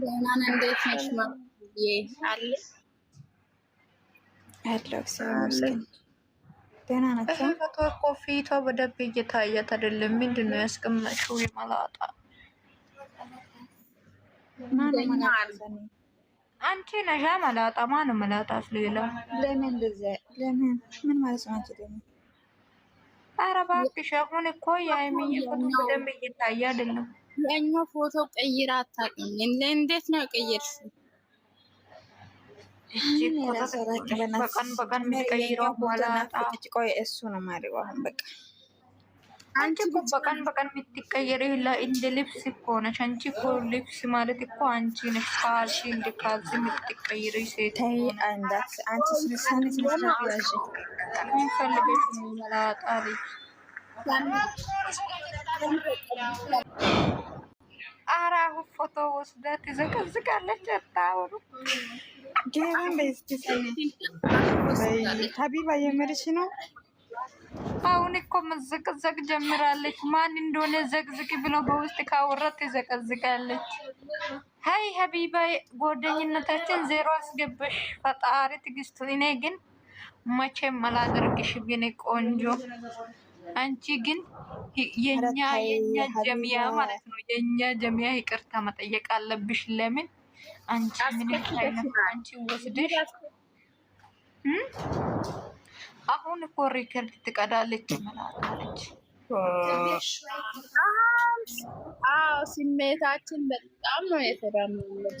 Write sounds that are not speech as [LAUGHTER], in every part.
ደህና እንዴት ነሽ? ደህና ናቸው። እኮ ፊቷ በደንብ እየታያት አይደለም። ምንድን ነው ያስቀመጥሽው? የመላጣ አንቺ ነሻ መላጣ። ማነው መላጣ? ሌላ ለምን ለምን ምን ማለት ነው? አንቺ ደግሞ ኧረ እባክሽ አሁን እኮ የሀይሚዬ ፎቶ በደንብ እየታየ አይደለም። ያኛው ፎቶ ቀይራ አታውቅም። እንዴት ነው ቀይር? ቆይ እሱ ነው ማሪው። አሁን በቃ አንቺ እኮ በቀን በቀን እንደ ልብስ እኮ አንቺ እኮ ልብስ ማለት እኮ አንቺ ነሽ። ካልሲ እንደ ካልሲ ሴት ኧረ አሁን ፎቶ ወስዳ ትዘቀዝቃለች። አታወሩ ጌራን ሀቢባ የምርሽ ነው። አሁን እኮ መዘቅዘቅ ጀምራለች። ማን እንደሆነ ዘቅዝቅ ብሎ በውስጥ ካወራት ትዘቀዝቃለች። ሀይ ሀቢባ ጓደኝነታችን ዜሮ አስገበሽ። ፈጣሪ ትግስቱ። እኔ ግን መቼም አላደርግሽ ግን ቆንጆ አንቺ ግን የኛ የኛ ጀሚያ ማለት ነው የኛ ጀሚያ ይቅርታ መጠየቅ አለብሽ። ለምን አንቺ ምን አንቺ ወስደሽ አሁን እኮ ሪከርድ ትቀዳለች ምናለች። ስሜታችን በጣም ነው የተዳመመች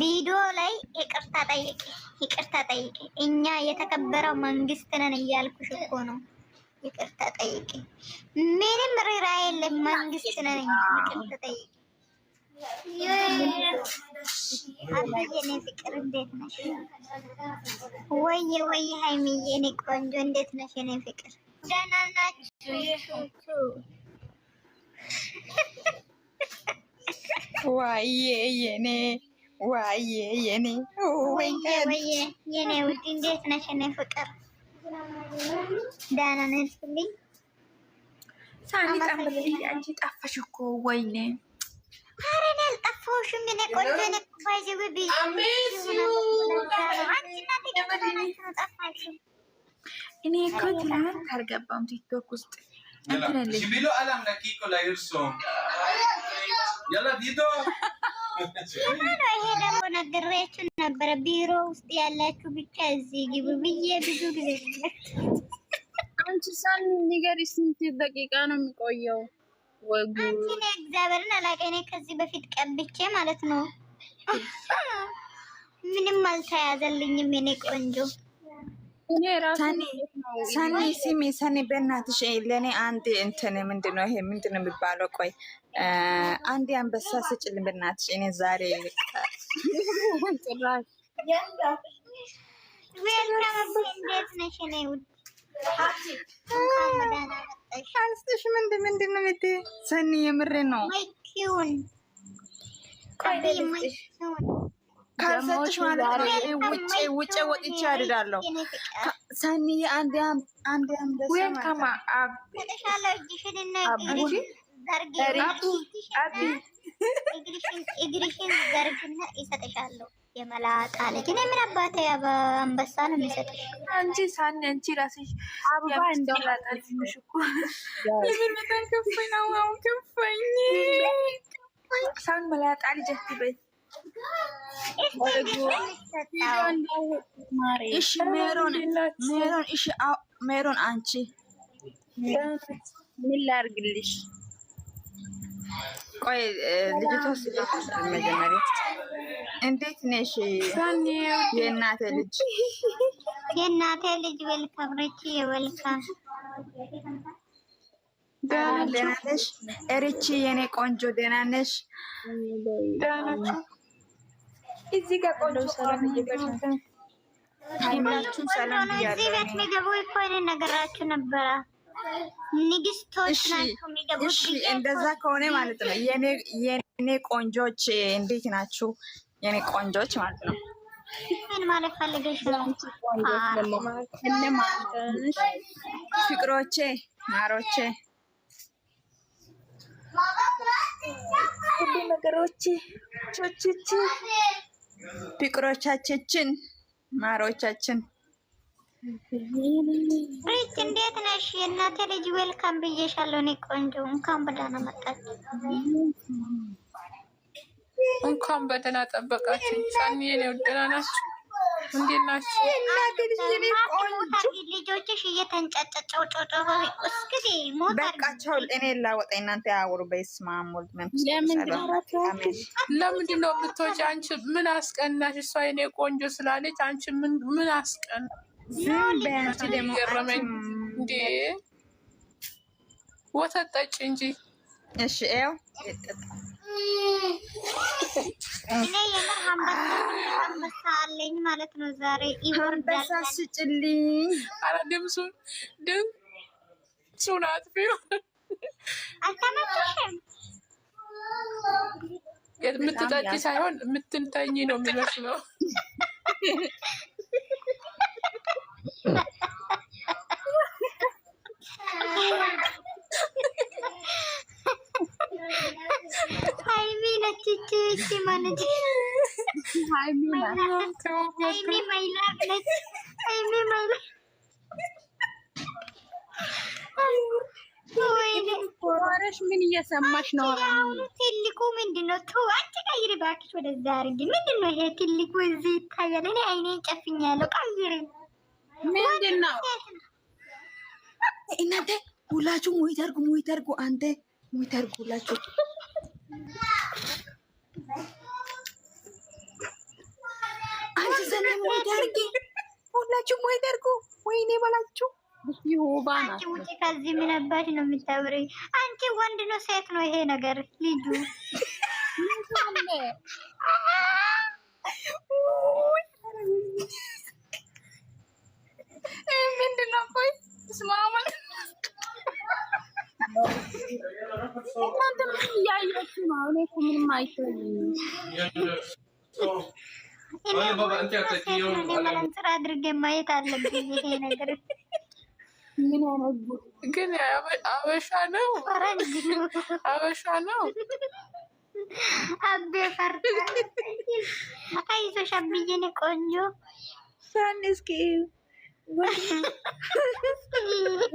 ቪዲዮ ላይ ይቅርታ ጠይቅ፣ ይቅርታ ጠይቅ። እኛ የተከበረው መንግስት ነን እያልኩሽ እኮ ነው። ይቅርታ ጠይቅ። ምንም ሪራ የለም። መንግስት ነን ይቅርታ ጠይቅ። አባዬ ፍቅር እንዴት ነሽ? ሀይሚዬ ቆንጆ እንዴት ነሽ? ፍቅር ደህና ናችሁ? ዋዬ የኔ ዋዬ የኔ የኔ ውድ እንዴት ነሽ? የኔ ፍቅር ደህና ነሽ? ልኝ ሳሚ አንቺ ጠፋሽ እኮ ወይኔ። ኧረ እኔ አልጠፋሁሽም። እኔ ቆንጆ ነ ባይዘዊ ብዬሽ እኔ እኮ ትናንት አልገባም ቲክቶክ ውስጥ እንትን አለኝ ይሄ ደግሞ ነግሬያችሁ ነበረ። ቢሮ ውስጥ ያላችሁ ብቻ እዚህ ግቡ ብዬ ብዙ ጊዜ አንቺ ሳን ንገሪ፣ ስንት ደቂቃ ነው የሚቆየው? አንቺ እኔ እግዚአብሔርን አላውቅም። እኔ ከዚህ በፊት ቀብቼ ማለት ነው ምንም አልተያዘልኝም የኔ ቆንጆ ሰኒ ሲሚ ሰኒ በእናትሽ ለእኔ አንድ እንትን ምንድን ነው ይሄ ምንድን ነው የሚባለው? ቆይ አንድ አንበሳ ስጭልን በእናትሽ። እኔ ዛሬ አንስሽ ምንድን ምንድን ነው ምት ሰኒ፣ የምሬ ነው። ካልሰጥሽ ማለት ነው ውጭ ውጭ ወጥቼ አድዳለሁ። ሰኒ የመላጣ ልጅ እኔ ምን አባቴ አንበሳ ነው የሚሰጥሽ? አንቺ ሳኒ አንቺ ራስሽ አበባ እንደላጣልሽ እኮ በጣም አሁን ሳን መላጣ ልጅ አትበይ ሜሮን አንቺ ምን ላድርግልሽ? ቆይ ልጅቷ መጀመሪያ እንዴት ነሽ? የእናቴ ልጅ የእናቴ ልጅ በልካምረች የበልካ ደህና ነሽ? እርቺ የኔ ቆንጆ ደህና ነሽ? እዚህ ጋር ቆንጆ ሰላም እየገርሻል። እዚህ ቤት የሚገቡ እኮ እኔ ነገራችሁ ነበረ። ንግስቶች ናቸው የሚገቡት። እንደዛ ከሆነ ማለት ነው የኔ ቆንጆች፣ እንዴት ናችሁ የኔ ቆንጆች ማለት ነው። ምን ማለት ፈልገሽ ነው? ፍቅሮቼ፣ ማሮቼ፣ ሁሉ ነገሮቼ ቾችቼ ፍቅሮቻችን ማሮቻችን ሪች እንዴት ነሽ? የእናቴ ልጅ ዌልካም ብዬሻለሁ። እኔ ቆንጆ እንኳን በደህና መጣች። እንኳን በደህና ጠበቃችን። ሳኒ ነው ወደና ናችሁ እንዴት ናችሁ? ልጆችሽ እየተንጨጨጨው ጮጮ እስክዜ ሞበቃቸው። እኔ ላወጣ እናንተ ያወሩ በስመ አብ ነው የምትወጪ አንቺ? ምን አስቀናሽ? እሷ የኔ ቆንጆ ስላለች አንቺ ምን አስቀና? ገረመኝ እንዴ። ወተት ጠጭ እንጂ እሺ። ያው እኔ የምር አንበሳ አለኝ ማለት ነው። ዛሬ አንበሳ ስጭልኝ። ኧረ ድምፁን ድምፁን አጥፊው አልተመቸሽም? የምትጠጪ ሳይሆን የምትንተኝ ነው የሚመስለው። ሽ ምን እየሰማሽ ነው? ትልቁ ምንድን ነው? ቶ አትቀይሪ እባክሽ፣ ወደዛ አድርጊ። ምንድን ነው ይሄ ትልቁ? እዚህ ይታያል። እኔ አይኔን ጨፍኛለሁ። ቀይሪ። ምንድን ነው እናንተ? ሁላችሁ ሙይተርጉ፣ ሙይተርጉ፣ አንተ ሙይተርጉ፣ ሁላችሁ ይሄንን ወይ ታርጊ፣ ሁላችሁም ወይ ታርጉ፣ ወይኔ በላችሁ። አንቺ ውጪ ከዚህ ምን አባሽ ነው የምታወሪው? አንቺ ወንድ ነው ሴት ነው ይሄ ነገር? ልጁ ምንድን ነው? ቆይ እናንተ ምን እያያችሁ ነው? እኔ እኮ ምንም አይተኝ ስራ አድርጌ ማየት አለብኝ። ይሄ ነገር ግን አበሻ ነው፣ አበሻ ነው። አቤ ፈርታ አይዞሽ ቆንጆ ሳን እስኪ [LAUGHS]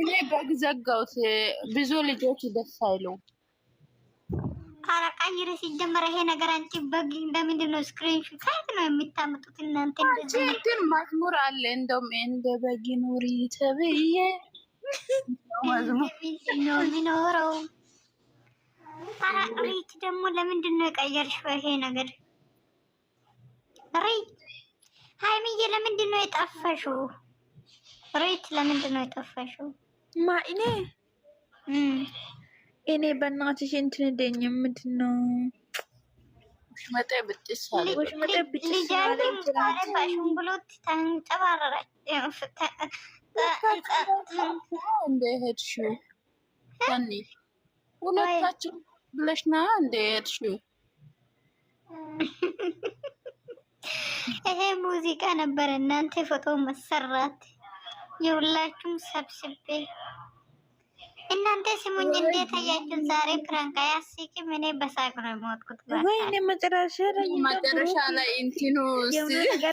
እኔ በግ ዘጋሁት። ብዙ ልጆች ደስ አይለው ታረቃ ይረ ሲጀመር ይሄ ነገር አንቺ በግ እንደምንድን ነው ስክሪንሹት ከየት ነው የምታመጡት እናንተ? እንደዚህ ግን መዝሙር አለ እንደውም እንደ በግ ኑሪ ተብዬ ነው የሚኖረው። ታረቅ ሪች ደግሞ ለምንድን ነው የቀየርሽው? ይሄ ነገር ሪች ሀይሚዬ ለምንድን ነው የጠፈሽው? ሪች ለምንድን ነው የጠፈሽው? ማ እኔ እኔ በእናትሽ እንትን ደኝ ምንድን ነው ሁለታችን ብለሽ ና ይሄ ሙዚቃ ነበር። እናንተ ፎቶ መሰራት የሁላችሁም ሰብስቤ እናንተ ስሙኝ፣ እንዴት አያችሁን? ዛሬ ፕራንክ አያስቂም። ምን በሳቅ ነው የሞትኩት። ወይኔ መጨረሻ ላይ መጨረሻ ላይ እንትኑ [LAUGHS]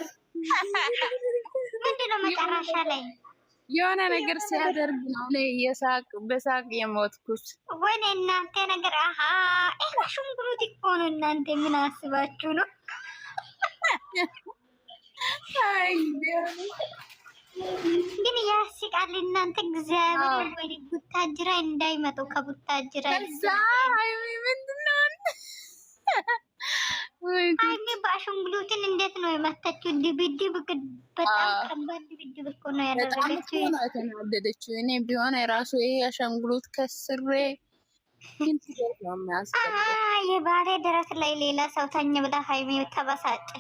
ምንድነው? መጨረሻ ላይ የሆነ ነገር ሲያደርግ ነው ላይ የሳቅ በሳቅ የሞትኩት። ወይኔ እናንተ ነገር አሀ ይሄ ሽንኩርት እኮ ነው። እናንተ ምን አስባችሁ ነው? [LAUGHS] አይ ግን ያስቃል። እናንተ እግዚአብሔር ቡታጅራ እንዳይመጡ ከቡታጅራ ሀይሚ በአሻንጉሊትን እንዴት ነው የመታችው ድብድብ በጣም ከባድ ድብድብ እኮ ነው ያደረገችው። የተናደደችው እኔ ቢሆን የራሱ ይሄ አሻንጉሊት ከስሬ የባሌ ደረት ላይ ሌላ ሰው ተኝ ብላ ሀይሚ ተበሳጨች።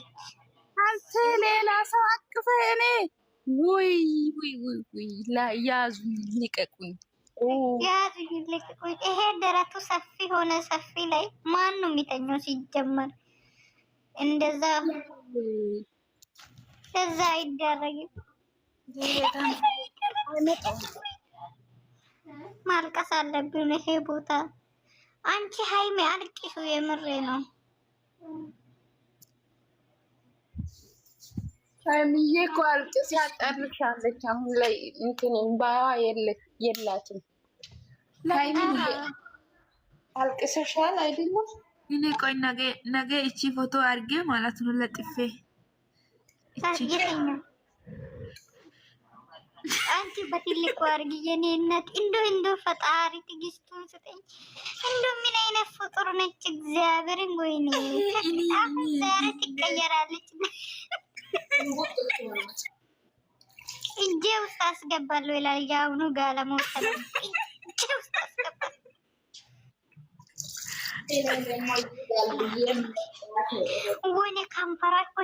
አንተ ሌላ ሰው አቅፈ እኔ ውይ ውይ ውይ ውይ ያዙ ልቀቁኝ፣ ያዙ ልቀቁኝ። ይሄ ደረቱ ሰፊ ሆነ። ሰፊ ላይ ማን ነው የሚተኛው ሲጀመር? እንደዛ እዛ አይደረግም። ማልቀስ አለብን። ይሄ ቦታ አንቺ ሀይሜ አልቅሱ፣ የምሬ ነው። ሀይሚዬ እኮ አልቅስ ያጠርሻለች። አሁን ላይ እንትን እምባዋ የላትም። ሀይሚዬ አልቅሰሻል አይደለም? እኔ ቆይ ነገ እቺ ፎቶ አድርጌ ማለት ነው ለጥፌ አንቺ በትልቁ አድርጊ የኔ እናት። እንዶ እንዶ ፈጣሪ ትግስቱን ስጠኝ። እንዶ ምን አይነት ፍጡር ነች! እግዚአብሔርን ወይኔ ዛሬ ትቀየራለች። እጄ ውስጥ አስገባለሁ ይላል። የአሁኑ ጋር ወይኔ ከንፈሯ እኮ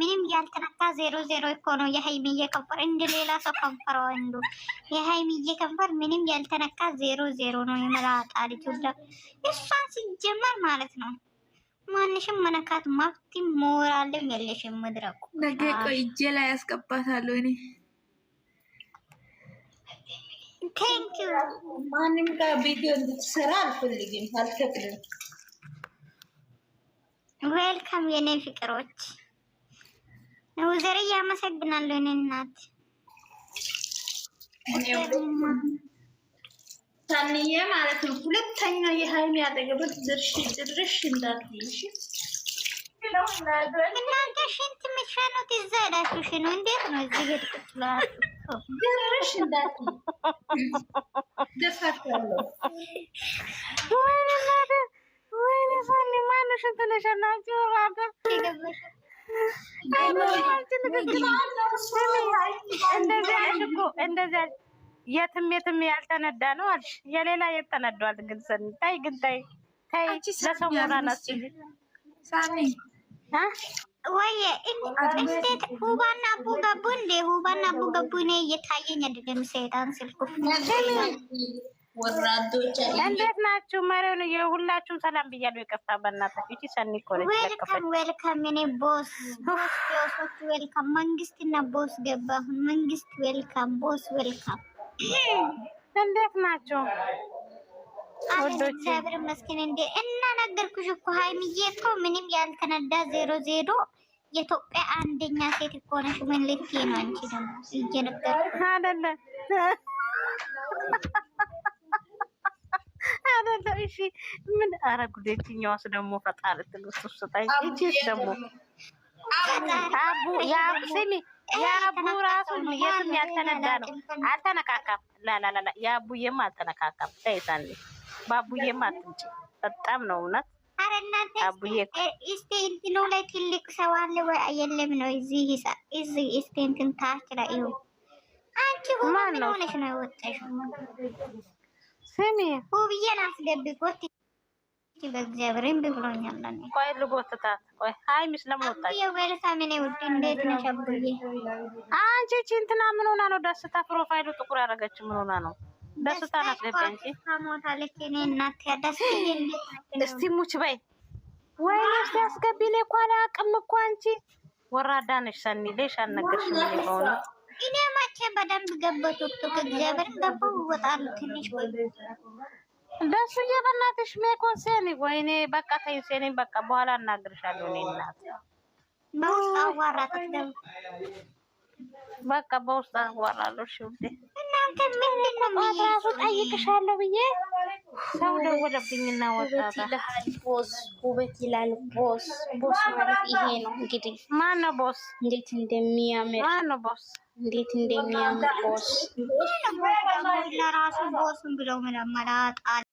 ምንም ያልተነካ ዜሮ ዜሮ እኮ ነው የሀይሚዬ ከንፈር። እንደ ሌላ ሰው ከንፈሯ የሀይሚዬ ከንፈር ምንም ያልተነካ ዜሮ ዜሮ ነው። የመላጣ ልጅ ሁላ እሷ ሲጀመር ማለት ነው ማንሽም መነካት ማፍቲ ሞራልም የለሽም። መድረቁ ነገ ቆይ እጄ ላይ ያስቀባታለሁ እኔ ቴንኪዩ። ማንም ጋር ቪዲዮ እንድትሰራ አልፈልግም፣ አልፈቅድም። ዌልካም የኔ ፍቅሮች፣ ነውዘርዬ አመሰግናለሁ። እኔ እናት ታንዬ ማለት ነው ሁለት ሁለተኛ የሀይሚ ያደረገበት ድርሽ ድርሽ እንዳትልሽ እናንተ ሽንት የምትሸኑት እዛ ሄዳችሁ ሽኑ። እንዴት ነው እዚህ ሄድ ድርሽ እንዳት ደፋት ያለው ማነው ሽንቱን የሸናችሁ ሀገር እንደዚህ አልሽ እኮ እንደዚህ አልሽ የትም የትም ያልተነዳ ነው አልሽ። የሌላ የት ተነዷል? ግን ሰኒ ታይ ግን ታይ ተይ። ለሰው ሞራል አስጭኝ ወይ እንዴት ሁባና አቡ ገቡ እንዴ? ሁባና አቡ ገቡ። እኔ እየታየኝ አይደለም። ሰይጣን ስልኩ እንዴት ናችሁ? መሪውን የሁላችሁም ሰላም ብያለሁ። ይቅርታ በእናታችሁ። እቺ ሰኒ እኮ ነች። ዌልካም ዌልካም። እኔ ቦስ ቦስ ቦሶች ዌልካም። መንግስትና ቦስ ገባ መንግስት ዌልካም፣ ቦስ ዌልካም እንዴት ናቸው? እግዚአብሔር ይመስገን። እንዴ እና ነገርኩሽ እኮ ሀይሚዬ እኮ ምንም ያልተነዳ ዜሮ ዜሮ የኢትዮጵያ አንደኛ ሴት እኮ ነሽ። ምን ልትይ ነው? አንቺ ደግሞ እየነገርኩሽ አይደለ አይደለ። እሺ ምን አረጉደችኛዋስ ደግሞ ፈጣሪ ትግስት ስጠኝ። እቺስ ደግሞ ስሚ የአቡ ራሱ የትም ያልተነዳ ነው። አልተነካካም። ላላላ የአቡዬም አልተነካካም። ተይዛን በአቡዬም አትምጪ። በጣም ነው እውነት። አቡዬ እስቲ እንትኑ ላይ ትልቅ ሰው አለ ወይ የለም? ነው እዚህ እዚህ እስቲ እንትን ታች ላይ ይሁን። አንቺ ሆነሽ ነው የወጣሽው። ስሚ ሁብዬን አስገብጎት በእግዚአብሔርም ብሎኛል። ቆይ ልጎትታት። ቆይ አይ ሚስ ለምን ወጣች? እንዴት ነሽ አቡዬ? አንቺ እቺ እንትና ምን ሆና ነው ደስታ ፕሮፋይሉ ጥቁር ያደረገች? ምን ሆና ነው ደስታ? ናት ለበንቺ እናት ያዳስ እስቲ ሙች በይ ወይ ነፍስ ያስገቢ። እኔ እኮ አላቅም እኮ አንቺ ወራዳ ነሽ ሰኒ። ሌሽ አልነገርሽም እኔ እኔ መቼ በደንብ ገባሁ። ቶክቶክ እግዚአብሔርን ገባሁ ትንሽ ቆይ ደሱዬ በእናትሽ ሜኮን ሴኒ ወይኔ በቃ ተይ ሴኒ በቃ በኋላ እናግርሻለሁ። እኔ እናት በቃ በውስጥ አዋራለሁ። እናንተ ምን ራሱ ጠይቅሻለሁ ብዬ ሰው ደወለብኝና ወጣታ ቦስ ውበት ይላል። ቦስ ቦስ ማለት ይሄ ነው እንግዲህ። ማነው ቦስ? እንዴት እንደሚያምር ማነው ቦስ? እንዴት እንደሚያምር ቦስ ለራሱ ቦስን ብለው መላመላጣል